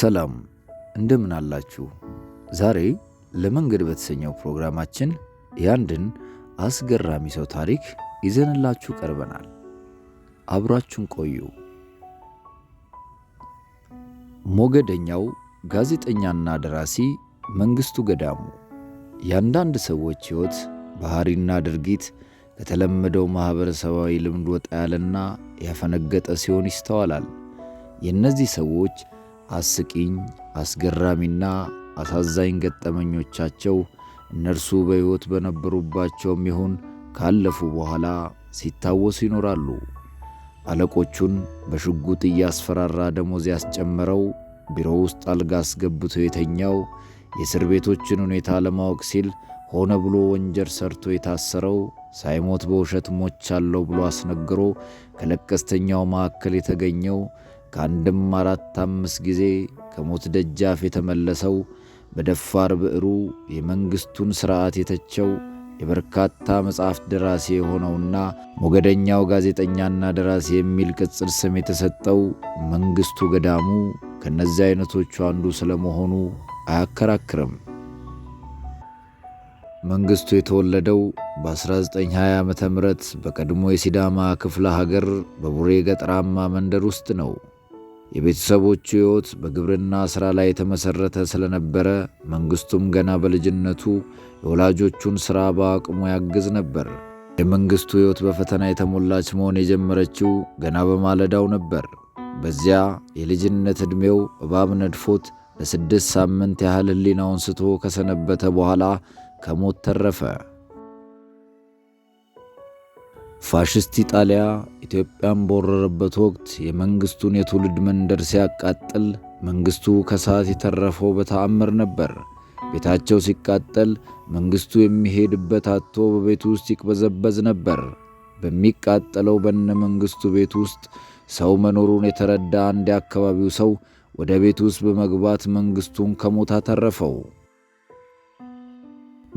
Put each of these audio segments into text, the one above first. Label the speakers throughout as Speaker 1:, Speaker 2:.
Speaker 1: ሰላም እንደምን አላችሁ? ዛሬ ለመንገድ በተሰኘው ፕሮግራማችን የአንድን አስገራሚ ሰው ታሪክ ይዘንላችሁ ቀርበናል። አብራችሁን ቆዩ። ሞገደኛው ጋዜጠኛና ደራሲ መንግሥቱ ገዳሙ የአንዳንድ ሰዎች ሕይወት ባህሪና ድርጊት ከተለመደው ማኅበረሰባዊ ልምድ ወጣ ያለና ያፈነገጠ ሲሆን ይስተዋላል። የእነዚህ ሰዎች አስቂኝ፣ አስገራሚና አሳዛኝ ገጠመኞቻቸው እነርሱ በሕይወት በነበሩባቸውም ይሁን ካለፉ በኋላ ሲታወሱ ይኖራሉ። አለቆቹን በሽጉጥ እያስፈራራ ደሞዝ ያስጨመረው፣ ቢሮ ውስጥ አልጋ አስገብቶ የተኛው፣ የእስር ቤቶችን ሁኔታ ለማወቅ ሲል ሆነ ብሎ ወንጀል ሰርቶ የታሰረው፣ ሳይሞት በውሸት ሞቻለሁ ብሎ አስነግሮ ከለቀስተኛው መካከል የተገኘው ከአንድም አራት አምስት ጊዜ ከሞት ደጃፍ የተመለሰው በደፋር ብዕሩ የመንግሥቱን ሥርዓት የተቸው የበርካታ መጽሐፍት ደራሲ የሆነውና ሞገደኛው ጋዜጠኛና ደራሲ የሚል ቅጽል ስም የተሰጠው መንግሥቱ ገዳሙ ከእነዚህ አይነቶቹ አንዱ ስለመሆኑ አያከራክርም። መንግሥቱ የተወለደው በ1920 ዓ ም በቀድሞ የሲዳማ ክፍለ ሀገር በቡሬ ገጠራማ መንደር ውስጥ ነው። የቤተሰቦቹ ሕይወት በግብርና ሥራ ላይ የተመሠረተ ስለነበረ መንግሥቱም ገና በልጅነቱ የወላጆቹን ሥራ በአቅሙ ያግዝ ነበር። የመንግሥቱ ሕይወት በፈተና የተሞላች መሆን የጀመረችው ገና በማለዳው ነበር። በዚያ የልጅነት ዕድሜው እባብ ነድፎት ለስድስት ሳምንት ያህል ሕሊናውን ስቶ ከሰነበተ በኋላ ከሞት ተረፈ። ፋሽስት ኢጣሊያ ኢትዮጵያን በወረረበት ወቅት የመንግሥቱን የትውልድ መንደር ሲያቃጥል መንግሥቱ ከሰዓት የተረፈው በተአምር ነበር። ቤታቸው ሲቃጠል መንግሥቱ የሚሄድበት አቶ በቤቱ ውስጥ ይቅበዘበዝ ነበር። በሚቃጠለው በነ መንግሥቱ ቤት ውስጥ ሰው መኖሩን የተረዳ አንድ የአካባቢው ሰው ወደ ቤት ውስጥ በመግባት መንግሥቱን ከሞት አተረፈው።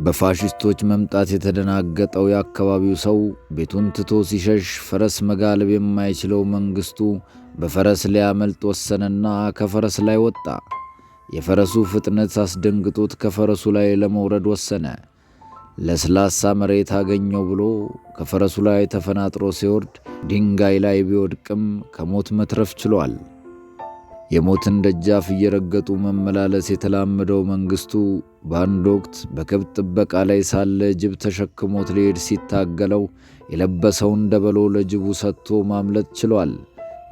Speaker 1: በፋሽስቶች መምጣት የተደናገጠው የአካባቢው ሰው ቤቱን ትቶ ሲሸሽ ፈረስ መጋለብ የማይችለው መንግስቱ በፈረስ ሊያመልጥ ወሰነና ከፈረስ ላይ ወጣ። የፈረሱ ፍጥነት አስደንግጦት ከፈረሱ ላይ ለመውረድ ወሰነ። ለስላሳ መሬት አገኘው ብሎ ከፈረሱ ላይ ተፈናጥሮ ሲወርድ ድንጋይ ላይ ቢወድቅም ከሞት መትረፍ ችሏል። የሞትን ደጃፍ እየረገጡ መመላለስ የተላመደው መንግስቱ በአንድ ወቅት በከብት ጥበቃ ላይ ሳለ ጅብ ተሸክሞት ሊሄድ ሲታገለው የለበሰውን ደበሎ ለጅቡ ሰጥቶ ማምለጥ ችሏል።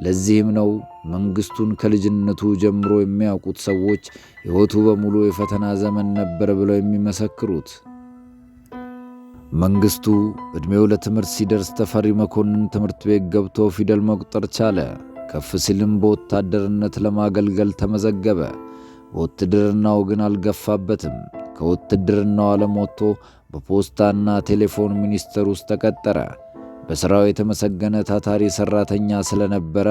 Speaker 1: ለዚህም ነው መንግስቱን ከልጅነቱ ጀምሮ የሚያውቁት ሰዎች ሕይወቱ በሙሉ የፈተና ዘመን ነበር ብለው የሚመሰክሩት። መንግስቱ ዕድሜው ለትምህርት ሲደርስ ተፈሪ መኮንን ትምህርት ቤት ገብቶ ፊደል መቁጠር ቻለ። ከፍ ሲልም በወታደርነት ለማገልገል ተመዘገበ። በውትድርናው ግን አልገፋበትም። ከውትድርናው ዓለም ወጥቶ በፖስታና ቴሌፎን ሚኒስቴር ውስጥ ተቀጠረ። በሥራው የተመሰገነ ታታሪ ሠራተኛ ስለነበረ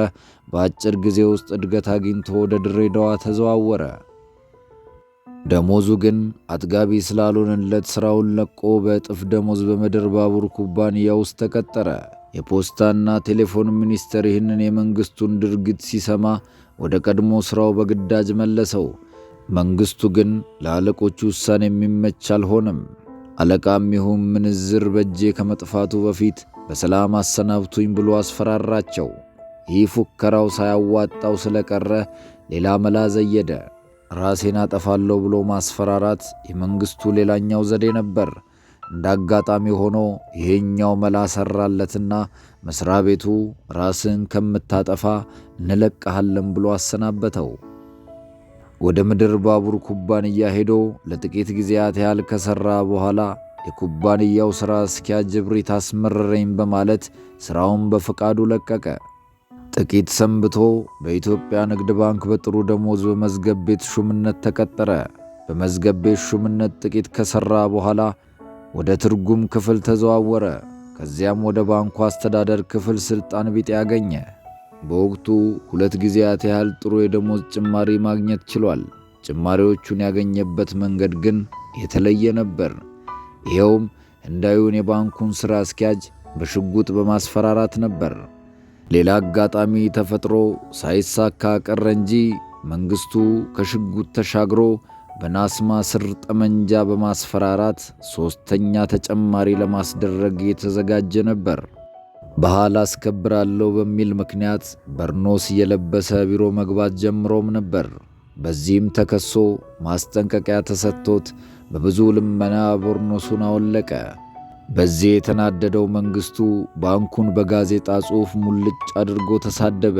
Speaker 1: በአጭር ጊዜ ውስጥ እድገት አግኝቶ ወደ ድሬዳዋ ተዘዋወረ። ደሞዙ ግን አጥጋቢ ስላልሆነለት ሥራውን ለቆ በእጥፍ ደሞዝ በምድር ባቡር ኩባንያ ውስጥ ተቀጠረ። የፖስታና ቴሌፎን ሚኒስቴር ይህንን የመንግሥቱን ድርጊት ሲሰማ ወደ ቀድሞ ሥራው በግዳጅ መለሰው። መንግሥቱ ግን ለአለቆቹ ውሳኔ የሚመች አልሆነም። አለቃም ይሁን ምንዝር በእጄ ከመጥፋቱ በፊት በሰላም አሰናብቱኝ ብሎ አስፈራራቸው። ይህ ፉከራው ሳያዋጣው ስለቀረ ሌላ መላ ዘየደ። ራሴን አጠፋለሁ ብሎ ማስፈራራት የመንግሥቱ ሌላኛው ዘዴ ነበር። እንደ አጋጣሚ ሆኖ ይሄኛው መላ ሰራለትና መስሪያ ቤቱ ራስን ከምታጠፋ እንለቅሃለን ብሎ አሰናበተው። ወደ ምድር ባቡር ኩባንያ ሄዶ ለጥቂት ጊዜያት ያህል ከሠራ በኋላ የኩባንያው ሥራ አስኪያጅ እብሪት አስመረረኝ በማለት ሥራውን በፈቃዱ ለቀቀ። ጥቂት ሰንብቶ በኢትዮጵያ ንግድ ባንክ በጥሩ ደሞዝ በመዝገብ ቤት ሹምነት ተቀጠረ። በመዝገብ ቤት ሹምነት ጥቂት ከሠራ በኋላ ወደ ትርጉም ክፍል ተዘዋወረ። ከዚያም ወደ ባንኩ አስተዳደር ክፍል ሥልጣን ቢጤ አገኘ። በወቅቱ ሁለት ጊዜያት ያህል ጥሩ የደሞዝ ጭማሪ ማግኘት ችሏል። ጭማሪዎቹን ያገኘበት መንገድ ግን የተለየ ነበር። ይኸውም ህንዳዊውን የባንኩን ሥራ አስኪያጅ በሽጉጥ በማስፈራራት ነበር። ሌላ አጋጣሚ ተፈጥሮ ሳይሳካ ቀረ እንጂ መንግሥቱ ከሽጉጥ ተሻግሮ በናስማ ስር ጠመንጃ በማስፈራራት ሦስተኛ ተጨማሪ ለማስደረግ የተዘጋጀ ነበር። ባህል አስከብራለሁ በሚል ምክንያት በርኖስ እየለበሰ ቢሮ መግባት ጀምሮም ነበር። በዚህም ተከሶ ማስጠንቀቂያ ተሰጥቶት በብዙ ልመና ቦርኖሱን አወለቀ። በዚህ የተናደደው መንግሥቱ ባንኩን በጋዜጣ ጽሑፍ ሙልጭ አድርጎ ተሳደበ።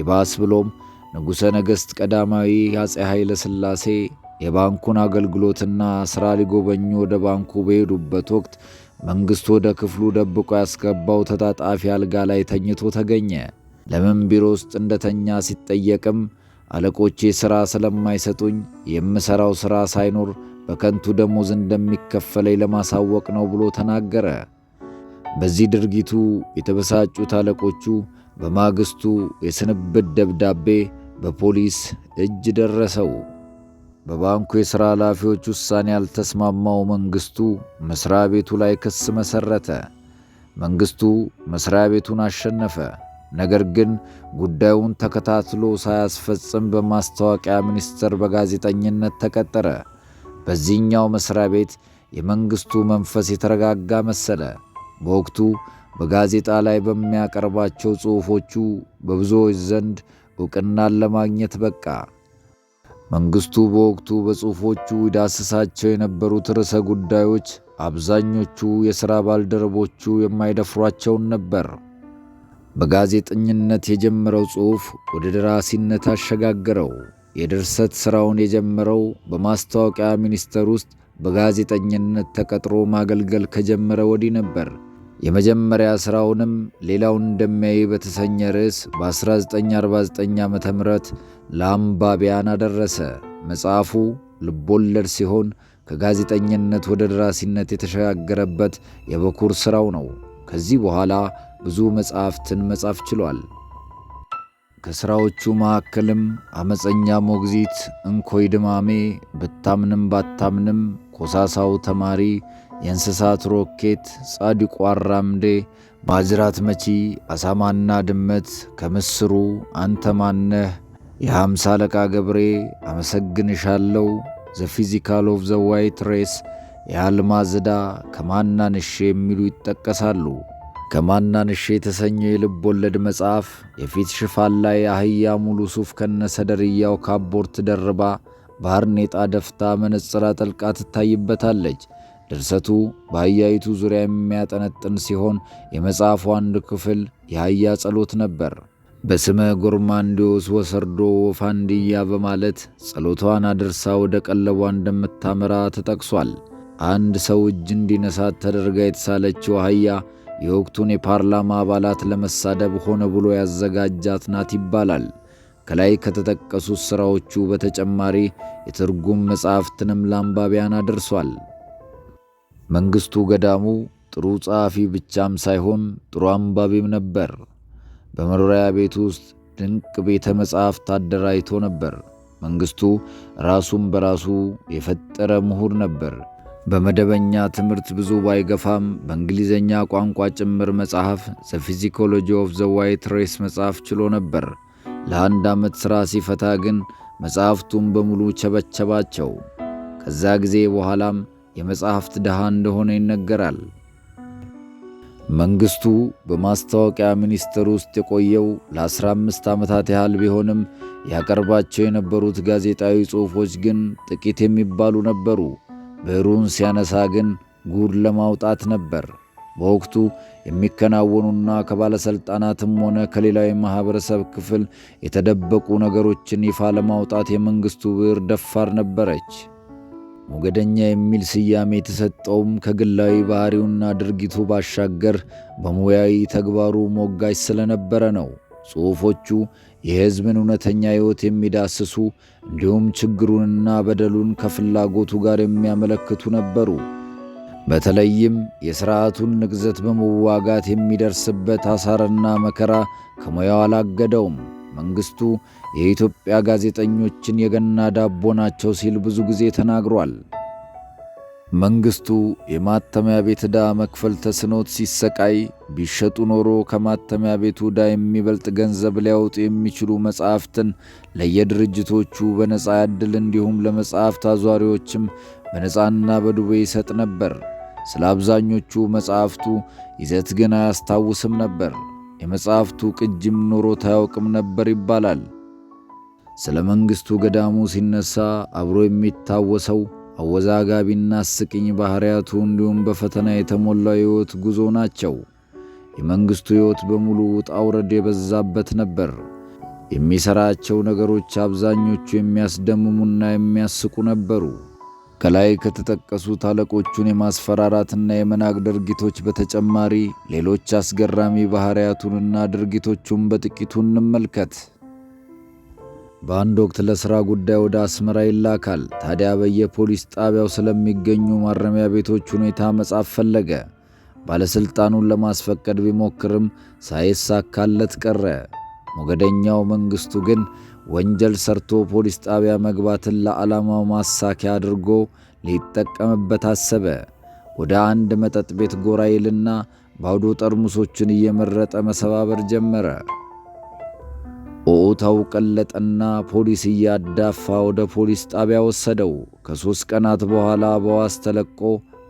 Speaker 1: ይባስ ብሎም ንጉሠ ነገሥት ቀዳማዊ አፄ ኃይለ ሥላሴ የባንኩን አገልግሎትና ሥራ ሊጎበኙ ወደ ባንኩ በሄዱበት ወቅት መንግሥቱ ወደ ክፍሉ ደብቆ ያስገባው ተጣጣፊ አልጋ ላይ ተኝቶ ተገኘ። ለምን ቢሮ ውስጥ እንደተኛ ሲጠየቅም አለቆቼ ሥራ ስለማይሰጡኝ የምሠራው ሥራ ሳይኖር በከንቱ ደሞዝ እንደሚከፈለኝ ለማሳወቅ ነው ብሎ ተናገረ። በዚህ ድርጊቱ የተበሳጩት አለቆቹ በማግስቱ የስንብት ደብዳቤ በፖሊስ እጅ ደረሰው። በባንኩ የሥራ ኃላፊዎች ውሳኔ ያልተስማማው መንግሥቱ መሥሪያ ቤቱ ላይ ክስ መሠረተ። መንግሥቱ መሥሪያ ቤቱን አሸነፈ። ነገር ግን ጉዳዩን ተከታትሎ ሳያስፈጽም በማስታወቂያ ሚኒስቴር በጋዜጠኝነት ተቀጠረ። በዚህኛው መሥሪያ ቤት የመንግሥቱ መንፈስ የተረጋጋ መሰለ። በወቅቱ በጋዜጣ ላይ በሚያቀርባቸው ጽሑፎቹ በብዙዎች ዘንድ ዕውቅናን ለማግኘት በቃ። መንግስቱ በወቅቱ በጽሑፎቹ ይዳስሳቸው የነበሩት ርዕሰ ጉዳዮች አብዛኞቹ የሥራ ባልደረቦቹ የማይደፍሯቸውን ነበር። በጋዜጠኝነት የጀመረው ጽሑፍ ወደ ደራሲነት አሸጋገረው። የድርሰት ሥራውን የጀመረው በማስታወቂያ ሚኒስቴር ውስጥ በጋዜጠኝነት ተቀጥሮ ማገልገል ከጀመረ ወዲህ ነበር። የመጀመሪያ ሥራውንም ሌላውን እንደሚያይ በተሰኘ ርዕስ በ1949 ዓ ም ለአንባቢያን አደረሰ። መጽሐፉ ልቦለድ ሲሆን ከጋዜጠኝነት ወደ ደራሲነት የተሸጋገረበት የበኩር ሥራው ነው። ከዚህ በኋላ ብዙ መጽሐፍትን መጻፍ ችሏል። ከሥራዎቹ መካከልም ዐመፀኛ ሞግዚት፣ እንኮይ ድማሜ፣ ብታምንም ባታምንም፣ ኮሳሳው ተማሪ፣ የእንስሳት ሮኬት፣ ጻድቁ አራምዴ፣ ማጅራት መቺ፣ አሳማና ድመት፣ ከምስሩ፣ አንተ ማነህ የሐምሳ አለቃ ገብሬ አመሰግንሻለው፣ ዘ ፊዚካል ኦፍ ዘ ዋይት ሬስ፣ የአልማዝዳ ከማናንሼ የሚሉ ይጠቀሳሉ። ከማናንሼ የተሰኘው የልብ ወለድ መጽሐፍ የፊት ሽፋን ላይ አህያ ሙሉ ሱፍ ከነሰደርያው ካቦርት ደርባ ባርኔጣ ደፍታ መነጽር አጠልቃ ትታይበታለች። ድርሰቱ በአህያይቱ ዙሪያ የሚያጠነጥን ሲሆን የመጽሐፉ አንድ ክፍል የአህያ ጸሎት ነበር። በስመ ጎርማንዲዎስ ወሰርዶ ወፋንድያ በማለት ጸሎቷን አድርሳ ወደ ቀለቧ እንደምታመራ ተጠቅሷል። አንድ ሰው እጅ እንዲነሳት ተደርጋ የተሳለችው አህያ የወቅቱን የፓርላማ አባላት ለመሳደብ ሆነ ብሎ ያዘጋጃት ናት ይባላል። ከላይ ከተጠቀሱት ሥራዎቹ በተጨማሪ የትርጉም መጻሕፍትንም ለአንባቢያን አድርሷል። መንግሥቱ ገዳሙ ጥሩ ጸሐፊ ብቻም ሳይሆን ጥሩ አንባቢም ነበር። በመኖሪያ ቤት ውስጥ ድንቅ ቤተ መጻሕፍት አደራጅቶ ነበር። መንግሥቱ ራሱን በራሱ የፈጠረ ምሁር ነበር። በመደበኛ ትምህርት ብዙ ባይገፋም በእንግሊዝኛ ቋንቋ ጭምር መጽሐፍ ዘ ፊዚኮሎጂ ኦፍ ዘ ዋይት ሬስ መጽሐፍ ችሎ ነበር። ለአንድ ዓመት ሥራ ሲፈታ ግን መጽሐፍቱን በሙሉ ቸበቸባቸው። ከዛ ጊዜ በኋላም የመጽሐፍት ድሃ እንደሆነ ይነገራል። መንግስቱ በማስታወቂያ ሚኒስቴር ውስጥ የቆየው ለ15 ዓመታት ያህል ቢሆንም ያቀርባቸው የነበሩት ጋዜጣዊ ጽሑፎች ግን ጥቂት የሚባሉ ነበሩ። ብዕሩን ሲያነሳ ግን ጉድ ለማውጣት ነበር። በወቅቱ የሚከናወኑና ከባለሥልጣናትም ሆነ ከሌላዊ ማኅበረሰብ ክፍል የተደበቁ ነገሮችን ይፋ ለማውጣት የመንግሥቱ ብዕር ደፋር ነበረች። ሞገደኛ የሚል ስያሜ የተሰጠውም ከግላዊ ባህሪውና ድርጊቱ ባሻገር በሙያዊ ተግባሩ ሞጋጅ ስለነበረ ነው። ጽሑፎቹ የሕዝብን እውነተኛ ሕይወት የሚዳስሱ እንዲሁም ችግሩንና በደሉን ከፍላጎቱ ጋር የሚያመለክቱ ነበሩ። በተለይም የሥርዓቱን ንቅዘት በመዋጋት የሚደርስበት አሳርና መከራ ከሙያው አላገደውም። መንግሥቱ የኢትዮጵያ ጋዜጠኞችን የገና ዳቦ ናቸው ሲል ብዙ ጊዜ ተናግሯል። መንግስቱ የማተሚያ ቤት ዕዳ መክፈል ተስኖት ሲሰቃይ ቢሸጡ ኖሮ ከማተሚያ ቤቱ ዕዳ የሚበልጥ ገንዘብ ሊያወጡ የሚችሉ መጻሕፍትን ለየድርጅቶቹ በነፃ ያድል፣ እንዲሁም ለመጻሕፍት አዟሪዎችም በነፃና በዱቤ ይሰጥ ነበር። ስለ አብዛኞቹ መጻሕፍቱ ይዘት ግን አያስታውስም ነበር። የመጻሕፍቱ ቅጅም ኖሮ አያውቅም ነበር ይባላል። ስለ መንግሥቱ ገዳሙ ሲነሳ አብሮ የሚታወሰው አወዛጋቢና አስቂኝ ባሕርያቱ እንዲሁም በፈተና የተሞላው የሕይወት ጉዞ ናቸው። የመንግሥቱ ሕይወት በሙሉ ውጣ ውረድ የበዛበት ነበር። የሚሠራቸው ነገሮች አብዛኞቹ የሚያስደምሙና የሚያስቁ ነበሩ። ከላይ ከተጠቀሱት አለቆቹን የማስፈራራትና የመናቅ ድርጊቶች በተጨማሪ ሌሎች አስገራሚ ባሕርያቱንና ድርጊቶቹን በጥቂቱ እንመልከት። በአንድ ወቅት ለሥራ ጉዳይ ወደ አስመራ ይላካል። ታዲያ በየፖሊስ ጣቢያው ስለሚገኙ ማረሚያ ቤቶች ሁኔታ መጻፍ ፈለገ። ባለሥልጣኑን ለማስፈቀድ ቢሞክርም ሳይሳካለት ቀረ። ሞገደኛው መንግሥቱ ግን ወንጀል ሰርቶ ፖሊስ ጣቢያ መግባትን ለዓላማው ማሳኪያ አድርጎ ሊጠቀምበት አሰበ። ወደ አንድ መጠጥ ቤት ጎራ ይልና ባዶ ጠርሙሶችን እየመረጠ መሰባበር ጀመረ። ኦታው ቀለጠና ፖሊስ እያዳፋ ወደ ፖሊስ ጣቢያ ወሰደው። ከሦስት ቀናት በኋላ በዋስ ተለቆ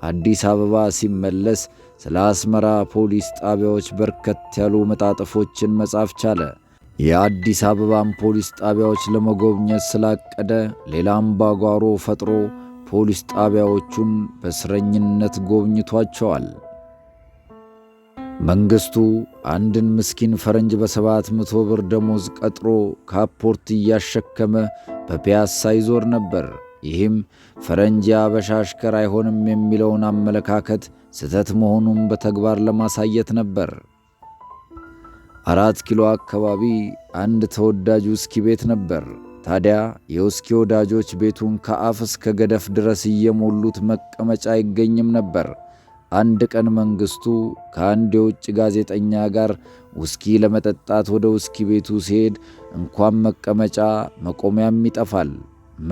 Speaker 1: አዲስ አበባ ሲመለስ ስለ አስመራ ፖሊስ ጣቢያዎች በርከት ያሉ መጣጥፎችን መጻፍ ቻለ። የአዲስ አበባን ፖሊስ ጣቢያዎች ለመጎብኘት ስላቀደ ሌላ አምባጓሮ ፈጥሮ ፖሊስ ጣቢያዎቹን በእስረኝነት ጎብኝቷቸዋል። መንግሥቱ አንድን ምስኪን ፈረንጅ በሰባት መቶ ብር ደሞዝ ቀጥሮ ካፖርት እያሸከመ በፒያሳ ይዞር ነበር። ይህም ፈረንጅ የአበሻ አሽከር አይሆንም የሚለውን አመለካከት ስህተት መሆኑን በተግባር ለማሳየት ነበር። አራት ኪሎ አካባቢ አንድ ተወዳጅ ውስኪ ቤት ነበር። ታዲያ የውስኪ ወዳጆች ቤቱን ከአፍ እስከ ገደፍ ድረስ እየሞሉት መቀመጫ አይገኝም ነበር። አንድ ቀን መንግሥቱ ከአንድ የውጭ ጋዜጠኛ ጋር ውስኪ ለመጠጣት ወደ ውስኪ ቤቱ ሲሄድ እንኳን መቀመጫ መቆሚያም ይጠፋል።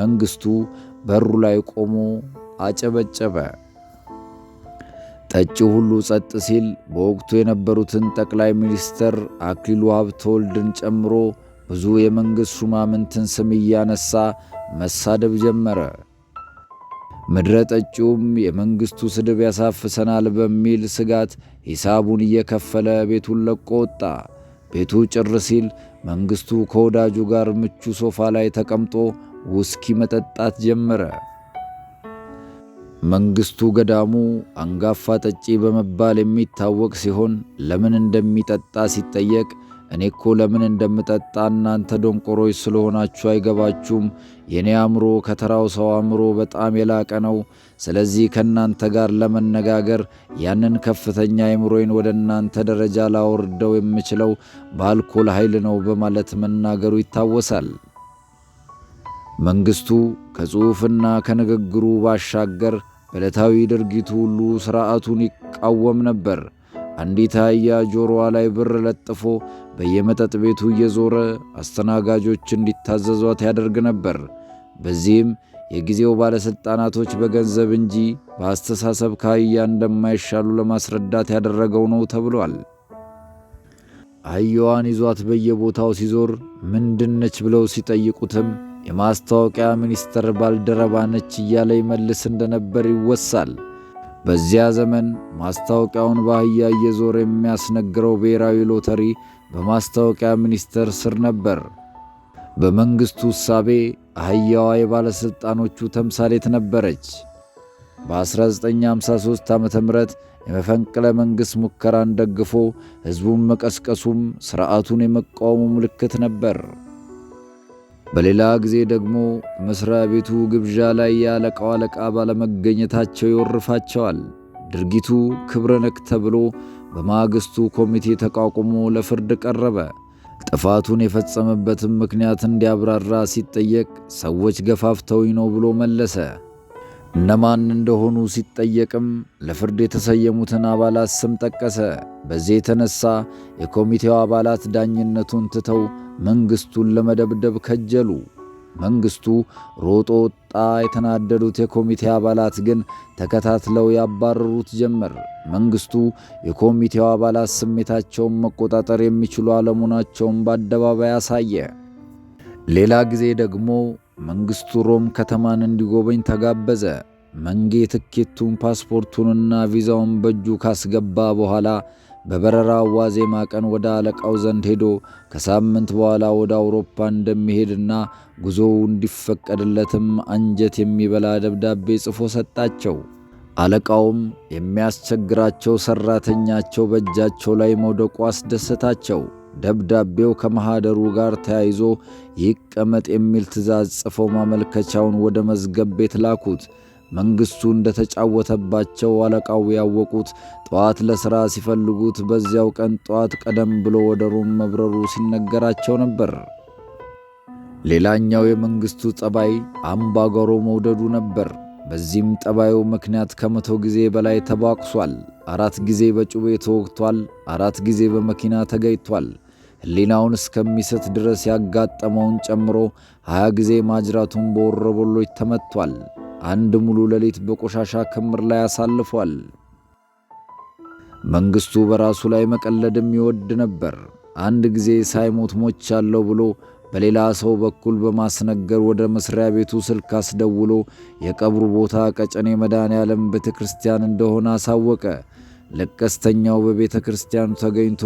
Speaker 1: መንግሥቱ በሩ ላይ ቆሞ አጨበጨበ። ጠጪው ሁሉ ጸጥ ሲል በወቅቱ የነበሩትን ጠቅላይ ሚኒስትር አክሊሉ ሀብተወልድን ጨምሮ ብዙ የመንግሥት ሹማምንትን ስም እያነሳ መሳደብ ጀመረ። ምድረ ጠጪውም የመንግሥቱ ስድብ ያሳፍሰናል በሚል ስጋት ሂሳቡን እየከፈለ ቤቱን ለቆ ወጣ። ቤቱ ጭር ሲል መንግሥቱ ከወዳጁ ጋር ምቹ ሶፋ ላይ ተቀምጦ ውስኪ መጠጣት ጀመረ። መንግሥቱ ገዳሙ አንጋፋ ጠጪ በመባል የሚታወቅ ሲሆን ለምን እንደሚጠጣ ሲጠየቅ እኔ እኮ ለምን እንደምጠጣ እናንተ ደንቆሮች ስለሆናችሁ አይገባችሁም የእኔ አእምሮ ከተራው ሰው አእምሮ በጣም የላቀ ነው። ስለዚህ ከእናንተ ጋር ለመነጋገር ያንን ከፍተኛ አእምሮዬን ወደ እናንተ ደረጃ ላወርደው የምችለው በአልኮል ኃይል ነው በማለት መናገሩ ይታወሳል። መንግሥቱ ከጽሑፍና ከንግግሩ ባሻገር በዕለታዊ ድርጊቱ ሁሉ ሥርዓቱን ይቃወም ነበር። አንዲት አህያ ጆሮዋ ላይ ብር ለጥፎ በየመጠጥ ቤቱ እየዞረ አስተናጋጆች እንዲታዘዟት ያደርግ ነበር። በዚህም የጊዜው ባለሥልጣናቶች በገንዘብ እንጂ በአስተሳሰብ ከአህያ እንደማይሻሉ ለማስረዳት ያደረገው ነው ተብሏል። አህያዋን ይዟት በየቦታው ሲዞር ምንድነች ብለው ሲጠይቁትም የማስታወቂያ ሚኒስቴር ባልደረባ ነች እያለ ይመልስ እንደነበር ይወሳል። በዚያ ዘመን ማስታወቂያውን በአህያ እየዞረ የሚያስነግረው ብሔራዊ ሎተሪ በማስታወቂያ ሚኒስቴር ስር ነበር። በመንግሥቱ እሳቤ አህያዋ የባለሥልጣኖቹ ተምሳሌት ነበረች። በ1953 ዓ ም የመፈንቅለ መንግሥት ሙከራን ደግፎ ሕዝቡን መቀስቀሱም ሥርዓቱን የመቃወሙ ምልክት ነበር። በሌላ ጊዜ ደግሞ መሥሪያ ቤቱ ግብዣ ላይ የአለቃው አለቃ ባለመገኘታቸው ይወርፋቸዋል። ድርጊቱ ክብረ ነክ ተብሎ በማግስቱ ኮሚቴ ተቋቁሞ ለፍርድ ቀረበ። ጥፋቱን የፈጸመበትም ምክንያት እንዲያብራራ ሲጠየቅ ሰዎች ገፋፍተውኝ ነው ብሎ መለሰ። እነማን እንደሆኑ ሲጠየቅም ለፍርድ የተሰየሙትን አባላት ስም ጠቀሰ። በዚህ የተነሳ የኮሚቴው አባላት ዳኝነቱን ትተው መንግሥቱን ለመደብደብ ከጀሉ። መንግስቱ ሮጦ ወጣ። የተናደዱት የኮሚቴ አባላት ግን ተከታትለው ያባረሩት ጀመር። መንግስቱ የኮሚቴው አባላት ስሜታቸውን መቆጣጠር የሚችሉ አለመሆናቸውን በአደባባይ አሳየ። ሌላ ጊዜ ደግሞ መንግስቱ ሮም ከተማን እንዲጎበኝ ተጋበዘ። መንጌ ትኬቱን ፓስፖርቱንና ቪዛውን በእጁ ካስገባ በኋላ በበረራ ዋዜማ ቀን ወደ አለቃው ዘንድ ሄዶ ከሳምንት በኋላ ወደ አውሮፓ እንደሚሄድና ጉዞው እንዲፈቀድለትም አንጀት የሚበላ ደብዳቤ ጽፎ ሰጣቸው። አለቃውም የሚያስቸግራቸው ሠራተኛቸው በእጃቸው ላይ መውደቁ አስደሰታቸው። ደብዳቤው ከማኅደሩ ጋር ተያይዞ ይቀመጥ የሚል ትእዛዝ ጽፈው ማመልከቻውን ወደ መዝገብ ቤት ላኩት። መንግሥቱ እንደተጫወተባቸው አለቃው ያወቁት ጠዋት ለሥራ ሲፈልጉት በዚያው ቀን ጠዋት ቀደም ብሎ ወደ ሮም መብረሩ ሲነገራቸው ነበር። ሌላኛው የመንግሥቱ ጠባይ አምባጓሮ መውደዱ ነበር። በዚህም ጠባዩ ምክንያት ከመቶ ጊዜ በላይ ተቧቅሷል። አራት ጊዜ በጩቤ ተወግቷል። አራት ጊዜ በመኪና ተገይቷል። ሕሊናውን እስከሚስት ድረስ ያጋጠመውን ጨምሮ ሀያ ጊዜ ማጅራቱን በወረበሎች ተመቷል። አንድ ሙሉ ሌሊት በቆሻሻ ክምር ላይ አሳልፏል። መንግሥቱ በራሱ ላይ መቀለድም ይወድ ነበር። አንድ ጊዜ ሳይሞት ሞቻለሁ ብሎ በሌላ ሰው በኩል በማስነገር ወደ መስሪያ ቤቱ ስልክ አስደውሎ የቀብሩ ቦታ ቀጨኔ መድኃኔ ዓለም ቤተ ክርስቲያን እንደሆነ አሳወቀ። ለቀስተኛው በቤተ ክርስቲያኑ ተገኝቶ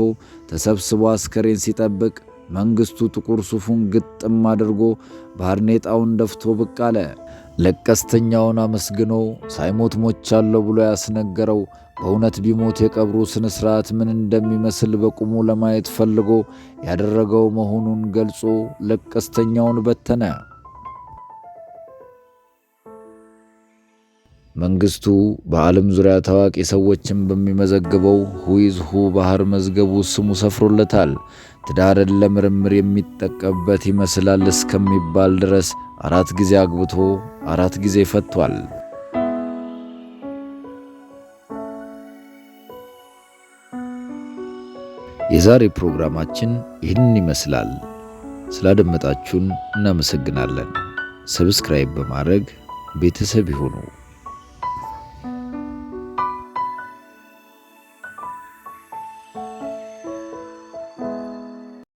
Speaker 1: ተሰብስቦ አስከሬን ሲጠብቅ መንግሥቱ ጥቁር ሱፉን ግጥም አድርጎ ባርኔጣውን ደፍቶ ብቅ አለ። ለቀስተኛውን አመስግኖ ሳይሞት ሞቻለሁ ብሎ ያስነገረው በእውነት ቢሞት የቀብሩ ስነ ሥርዓት ምን እንደሚመስል በቁሙ ለማየት ፈልጎ ያደረገው መሆኑን ገልጾ ለቀስተኛውን በተነ። መንግስቱ በዓለም ዙሪያ ታዋቂ ሰዎችን በሚመዘግበው ሁይዝሁ ባህር መዝገቡ ስሙ ሰፍሮለታል። ትዳርን ለምርምር የሚጠቀምበት ይመስላል እስከሚባል ድረስ አራት ጊዜ አግብቶ አራት ጊዜ ፈቷል። የዛሬ ፕሮግራማችን ይህን ይመስላል። ስላደመጣችሁን እናመሰግናለን። ሰብስክራይብ በማድረግ ቤተሰብ ይሁኑ።